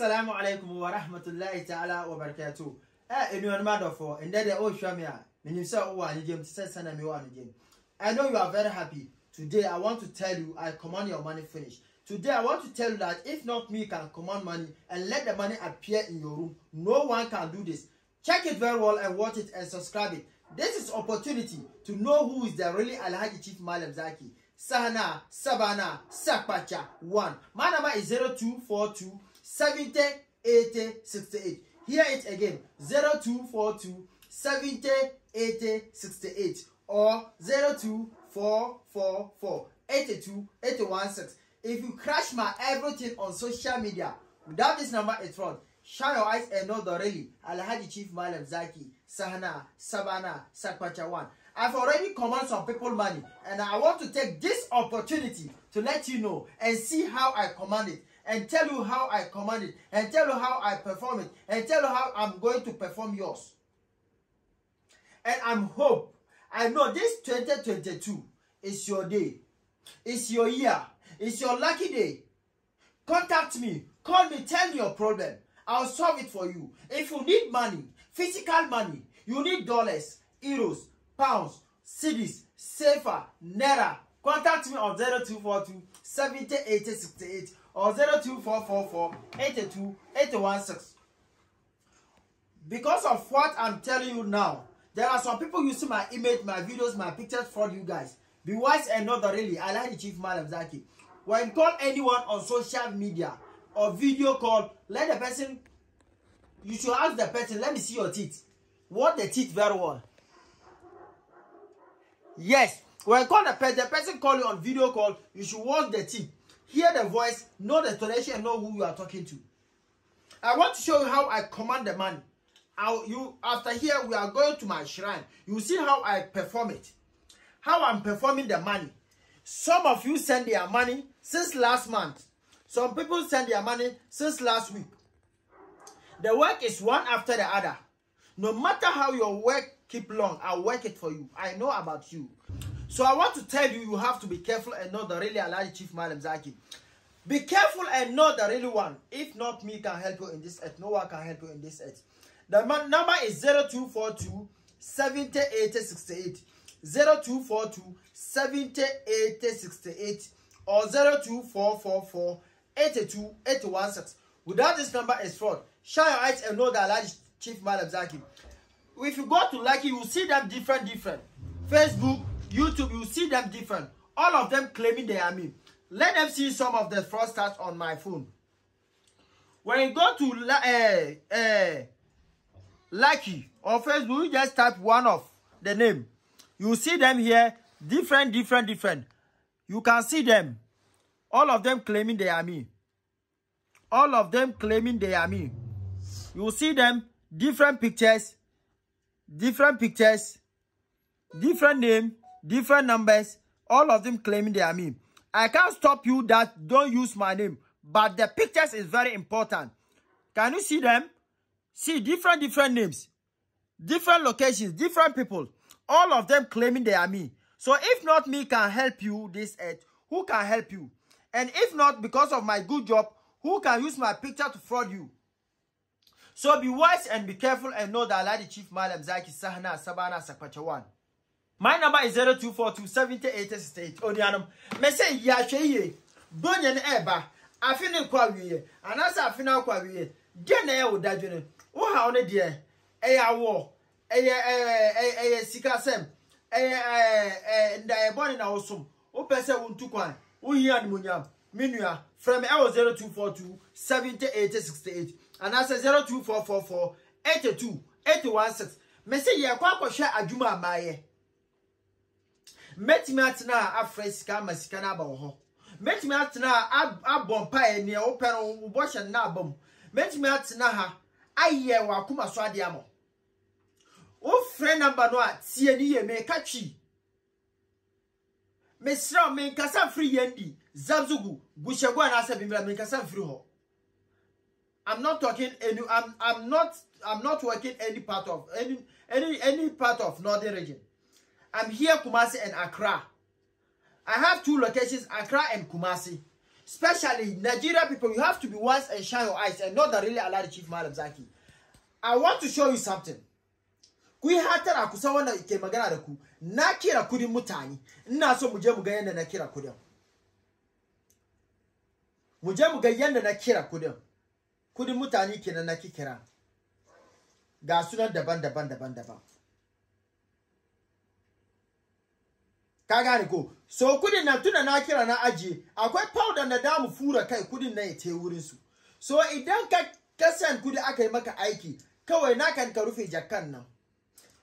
Assalamu alaikum waraxmatullaahi tacaala wabarakaatu èmi ọ̀nàmà dọ̀fọ̀ ǹdẹ́dẹ̀ ó ṣọ́ mi à mìíràn sẹ́ ó wà ní wà I know you are very happy today I want to tell you I command your money finish today I want to tell you that if not me can command money and let the money appear in your room no one can do this check it very well and watch it and subscribe it this is opportunity to know who is the really Alhaji Chief Malam Zaki Sahana Sabana Sakpacha one my number is zero two four two. 70, 80, 68. here it again. 0242 70, 80, 68 or 02444 82 If you crash my everything on social media, without this number, it's wrong. Shine your eyes and know the really Alhaji Chief Malam Zaki, Sahana, Sabana, Sakpachawan. I've already commanded some people money and I want to take this opportunity to let you know and see how I command it and tell you how I command it and tell you how I perform it and tell you how I'm going to perform yours. And I'm hope. I know this 2022 is your day. It's your year. It's your lucky day. Contact me. Call me. Tell me your problem. I'll solve it for you. If you need money, physical money, you need dollars, euros, pounds, cedis, safer, naira. Contact me on 0242 70 80 68 or 02444 82 816. Because of what I'm telling you now, there are some people using my image, my videos, my pictures for you guys. Be wise and not really. I like the chief Madam Zaki. When call anyone on social media or video call, let the person, you should ask the person, let me see your teeth. What the teeth very well. Yes, when call the person, the person call you on video call, you should watch the teeth hear the voice, know the tonation, and know who you are talking to. I want to show you how I command the money. I'll, you after here we are going to my shrine. You see how I perform it, how I'm performing the money. Some of you send their money since last month. Some people send their money since last week. The work is one after the other. No matter how your work keep long, i work it for you. I know about you. So I want to tell you, you have to be careful and know the really Alaji Chief Malam Zaki. Be careful and know the really one. If not, me can help you in this earth. No one can help you in this earth. The number is 0242 708068. 0242 708068 or 02444 82816. Without this number is fraud. Shine your eyes and know the Alaji Chief Malam Zaki. If you go to it, you see them different, different. Facebook, YouTube, you see them different. All of them claiming they are me. Let them see some of the fraudsters on my phone. When you go to uh, eh, uh, eh, Lucky or Facebook, you just type one of the name. You see them here, different, different, different. You can see them. All of them claiming they are me. All of them claiming they are me. You see them, different pictures, different pictures, different name, different numbers, all of them claiming they are me. I can't stop you that don't use my name, but the pictures is very important. Can you see them? See different, different names, different locations, different people, all of them claiming they are me. So if not me can help you this earth, who can help you? And if not because of my good job, who can use my picture to fraud you? So be wise and be careful and know that Allah the Chief Malam Zaki Sahana Sabana Sakpachawan. My number is 0242 70 Odianum. Mese ya cheye. Bonyen eba. Afini kwa wiye. Anasa afina kwa wiye. Dene ye udajune. Uha one die. Eya wo. Eya eya eya sikasem. Eya eya nda na osum. Upese untukwa. Uhiya ni Minua. From 0242 70 80 82 816. kwa amaye. mɛtumi atena a afrɛ sika ama sika no aba wɔ hɔ mɛtumi atena a abɔ mpaeɛ nea wopɛ no wo bɔhyɛ no aba mu mɛtumi atena ha ayɛ wɔ akoma so adeɛ ama wo frɛ namba no a tie no yie meka twi mesrɛ wo menkasa mfiri yɛn di zabzugu guhyɛgu anaasɛ bimbra menkasa mfiri hɔ I'm not talking any I'm I'm not I'm not working any part of any any any part of northern region I'm here Kumasi and Accra. I have two locations, Accra and Kumasi. Especially Nigeria people, you have to be wise and shine your eyes and know that really Allah Chief madam Zaki. I want to show you something. ku yi hatara ku na wanda ke magana da ku na kira kudin mutane ina so mu je mu ga na kira kudin mu je mu ga na kira kudin kudin mutane kenan na kira ga sunan daban-daban daban-daban ka gane ko so kudin nan tuna na kira na ajiye akwai powder da damu fura kai kudin nan ya te wurin su so idan ka kasan kudi aka yi maka aiki kawai na kan ka rufe jakkan nan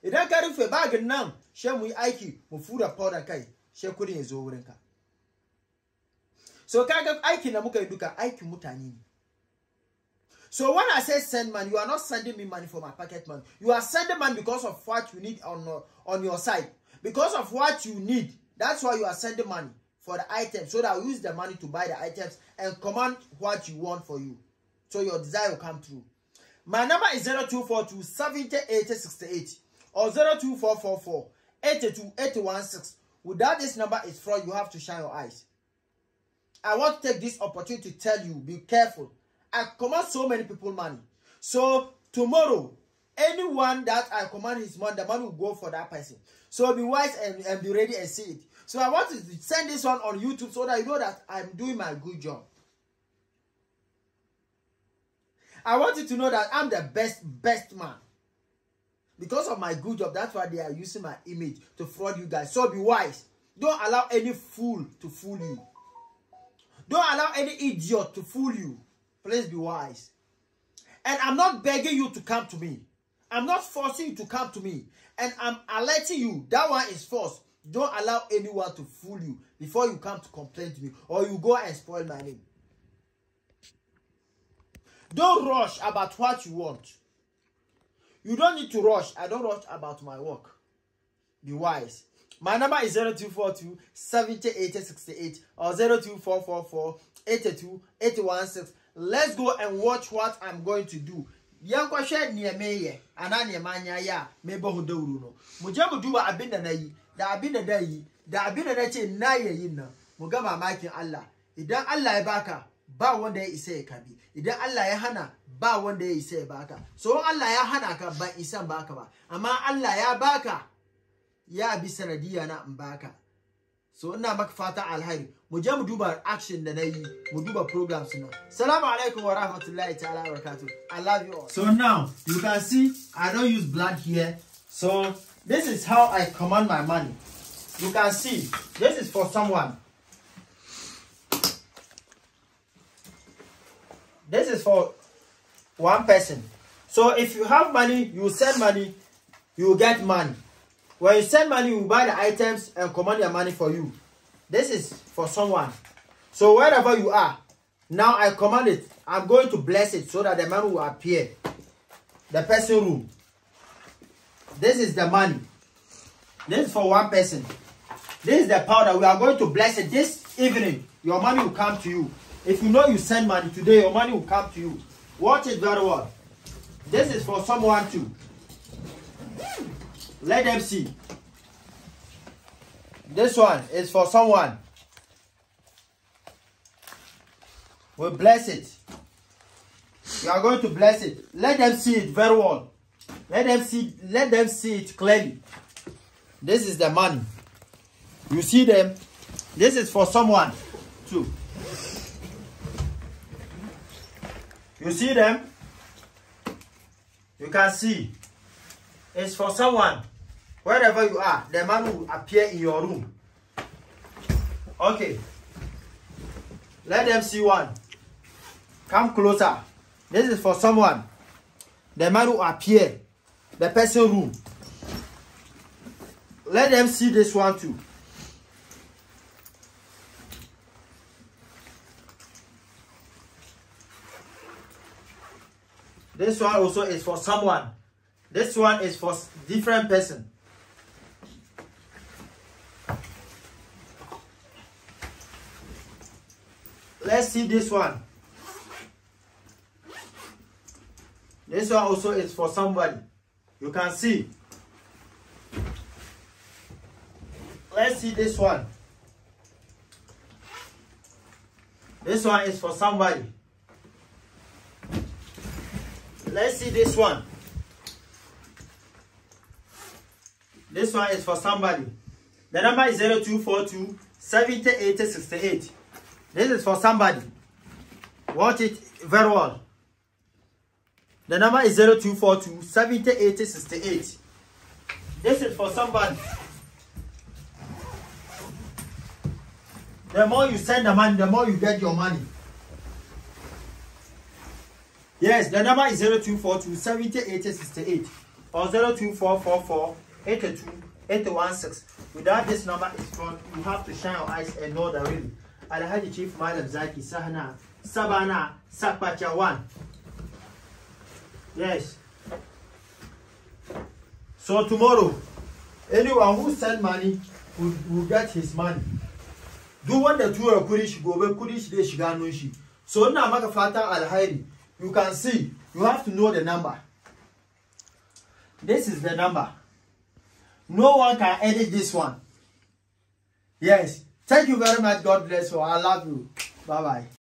idan ka rufe bagin nan she mu yi aiki mu fura powder kai she kudin ya zo wurin ka so kaga aiki na muka yi duka aikin mutane ne So when I say send money, you are not sending me money for my pocket money. You are sending money because of what you need on, on your side. Because of what you need, that's why you are sending money for the items. So that you use the money to buy the items and command what you want for you. So your desire will come true. My number is 0242 70 or 02444 82 Without this number, it's fraud. You have to shine your eyes. I want to take this opportunity to tell you, be careful. I command so many people money. So tomorrow, anyone that I command his man, the man will go for that person. So be wise and, and be ready and see it. So I want to send this one on YouTube so that you know that I'm doing my good job. I want you to know that I'm the best, best man. Because of my good job, that's why they are using my image to fraud you guys. So be wise. Don't allow any fool to fool you. Don't allow any idiot to fool you. Please be wise. And I'm not begging you to come to me. I'm not forcing you to come to me. And I'm alerting you. That one is false. Don't allow anyone to fool you before you come to complain to me. Or you go and spoil my name. Don't rush about what you want. You don't need to rush. I don't rush about my work. Be wise. My number is 0242 70 or 02444 82 816. Let's go and watch what I'm going to do. yɛnkɔhwɛ nea meyɛ anaa nea manya yɛ a mebɔ ho dawuro no mogya mu duba abin da na yi da abin da da yi da abin da na ce na yɛ yi nan mu ga mamakin Allah idan Allah ya baka ba wanda ya isa ya kabi idan Allah ya hana ba wanda ya isa ya baka so Allah ya hana ka ba isan baka ba amma Allah ya baka ya bi sanadiya na in baka so ina maka fata alhairi mu je mu duba action da nayi mu duba programs na salamu alaikum wa rahmatullahi ta'ala wa barakatuh i love you all so now you can see i don't use blood here so this is how i command my money you can see this is for someone this is for one person so if you have money you send money you get money when you send money, you buy the items and command your money for you. This is for someone. So wherever you are, now I command it. I'm going to bless it so that the money will appear. The person room. This is the money. This is for one person. This is the powder. We are going to bless it this evening. Your money will come to you. If you know you send money today, your money will come to you. Watch it very well. This is for someone too. Let them see. This one is for someone. We bless it. We are going to bless it. Let them see it very well. Let them see, let them see it clearly. This is the money. You see them. This is for someone too. You see them? You can see. It's for someone. Wherever you are, the man will appear in your room. Okay. Let them see one. Come closer. This is for someone. The man will appear. The person room. Let them see this one too. This one also is for someone. This one is for different person. Let's see this one. This one also is for somebody. You can see. Let's see this one. This one is for somebody. Let's see this one. This one is for somebody. The number is 0242 70 80 68. This is for somebody. Watch it very well. The number is 0242 7080 This is for somebody. The more you send the money, the more you get your money. Yes, the number is 0242 7080 or 02444 82 Without this number, it's gone. You have to shine your eyes and know the real alhaji chief malam zaki sahna sabana sakpacha one yes so tomorrow anyone who send money will, will get his money duk wanda tura kudi shi gobe kudi shi dai shiga hannun so ina maka Al-Hadi, you can see you have to know the number this is the number no one can edit this one yes Thank you very much. God bless you. I love you. Bye bye.